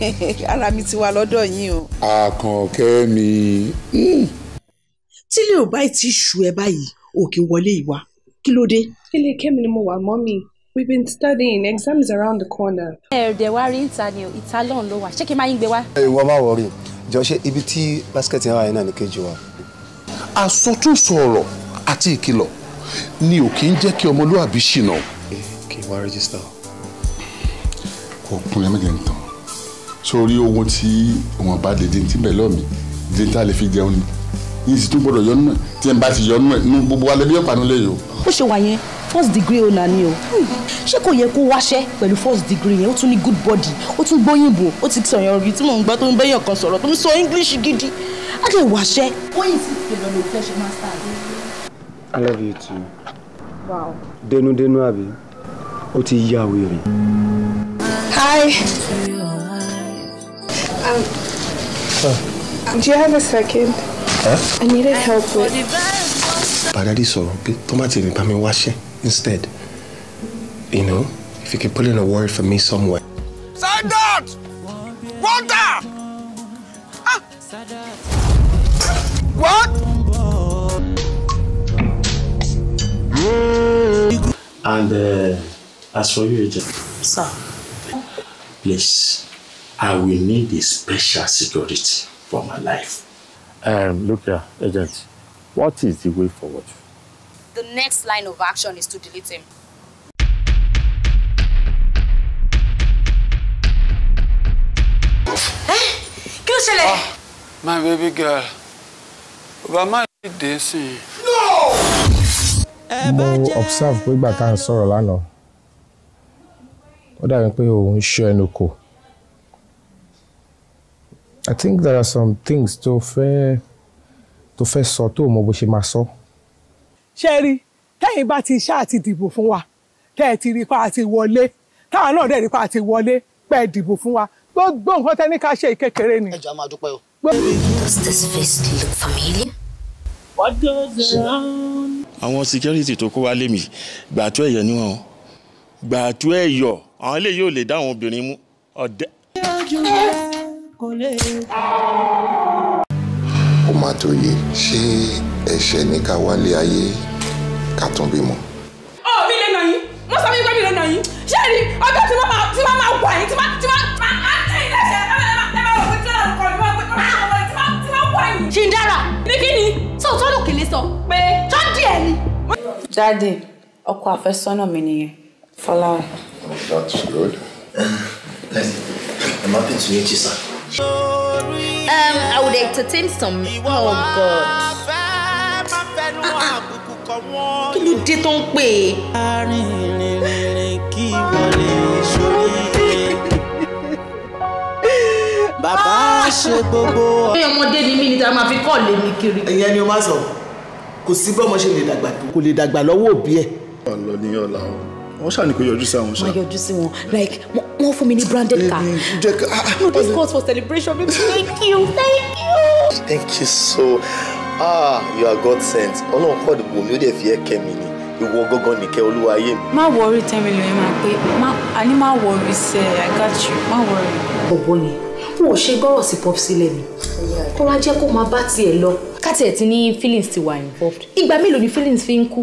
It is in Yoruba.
ara mi ti wà lọ́dọ̀ yín o. àkànkẹ́ mi. Hmm. tílé ò báyìí ti ṣù ẹ báyìí o kì í wọlé ìwà kí ló dé. ilé kẹ́mi ni mo wà mọ́mì we've been studying exam is around the corner. ẹ ẹ dẹ wá rí ìta ni o ìta lọ́hùn ló wà ṣé kí n máa yín gbé wá. ìwọ máa wọrí jọ ṣe ibi tí basket yẹn wà yẹn náà ní kejì wa. àsọtúnsọ ọ̀rọ̀ àti ìkìlọ̀ ni ò kì í jẹ́ kí ọmọlúwàbí ṣìnà. Eh, kì í wá rẹ́gísítà. kò gún ẹ méje tán sórí ohun tí wọn bá lè dín bẹ̀ lọ́ọ̀ mi tá a lè fi jẹun ni yìí sì tún gbọdọ̀ yọnu ẹ̀ tí ẹ̀ ń bá ti yọnu ẹ̀ nínú gbogbo alẹ́ bí ọ̀pá nílé yìí o. ó ṣe wà yẹn first degree ọ̀nà ni o hmm. ṣé kò yẹ kó wáṣẹ́ pẹ̀lú first degree yẹn ó tún ní good body ó tún gbóyìnbó ó ti sọ̀yàn òbí tí mò ń gbọ́ tó ń bẹ́yàn kan sọ̀rọ̀ tó ń sọ english gidi á lè wáṣẹ́. bóyìn sì ti lọ lò fẹ́ ṣe master. I love you too. Wow. denudenu àbí ó ti yá wèrè. hi. do you have a second. Huh? I needed help with. Bagadi sọ̀rọ̀ pé tomati ni bá wash it instead. You know, if you can put in a word for me somewhere. Sadat! Water! Ah. What? And uh, as for you, Agent. Sir. Please. I will need a special security for my life. Um, look here, Agent. What is the way forward? The next line of action is to delete him. Eh? Kí ah, my baby girl. Obama yìí dé sí No! Mo observe pé ìgbà tá à ń sọ̀rọ̀ lánàá. Ó dàbí pé Show ṣọ́ ẹnu kò. I think there are some things tó fẹ́ tó fẹ́ sọ tó mọ bó ṣe máa sọ. ṣé rí tẹ́yìn bá ti ṣáà ti dìbò fún wa tẹ́ ẹ ti rí pa àti wọlé táwọn náà dẹ̀ rí pa àti wọlé pẹ́ dìbò fún wa gbogbo nǹkan tẹ́ ní ká ṣe kékeré ni. ẹ máa dúpẹ́ o. Does this face look familiar? What goes àwọn security tó kó wá lé mi gbàtú ẹ̀yọ ni wọn gbàtú ẹ̀yọ àwọn eléyìí ò lè dá àwọn obìnrin mú ọ̀dẹ́ kọ́lé. ó má tó yé ṣé ẹ̀ṣẹ̀ ní ká wálé ayé ká tún bímọ. ọ mi lè nà yín mo sọ fún yín pé mi lè nà yín ṣé rí ọjọ́ tí wọ́n máa tí wọ́n máa wà yín tí wọ́n tí wọ́n máa ni wọ́n pé tí wọ́n sọ pé jáde ẹ̀ ni. jáde ọkọ àfẹ́sọ́nà mi nìyẹn Fọláwọ. that's good. Blessing. I'm happy to meet you, sir. Um, I would entertain some. Oh God. Kí ló dé tó ń pè é? Arìnrìnrìn kí wọlé sórí. Bàbá ṣe gbogbo. Ṣé ọmọdé ni mí ni tá a máa fi kọ́ lé mi kiri? Ẹ̀yẹ́ ni o máa sọ, kò sí bí ọmọ ṣe lè dàgbà tó. Kò lè dàgbà lọ́wọ́ òbí ẹ̀. Ọ̀lọ́ ni ọ̀la o wọ́n ṣàní kò yọjú sí àwọn ṣá. wọ́n yọjú sí wọn like wọ́n fún mi ní branded car. jẹ ká ah, no this calls for celebration baby thank you thank you. thank you so ah you are God sent ọlọ́run kọ́ ọ̀dùnkù mi ó dẹ̀ fi ẹ́ kẹ́ mi ni ìwọ gángan nìkẹ́ olúwa ayé mi. má wọrí ten million yẹn máa pé àní má wọrí sẹ i got you má wọrí. bọ̀bọ̀ ni n ò ṣe gbọ́rọ̀ sí pop sílẹ̀ mi kọ́ra jẹ́ kó máa bá tiẹ̀ lọ. ká tiẹ̀ ti ní feelings ti wà involved ìgbà mélòó ni feelings fi ń kú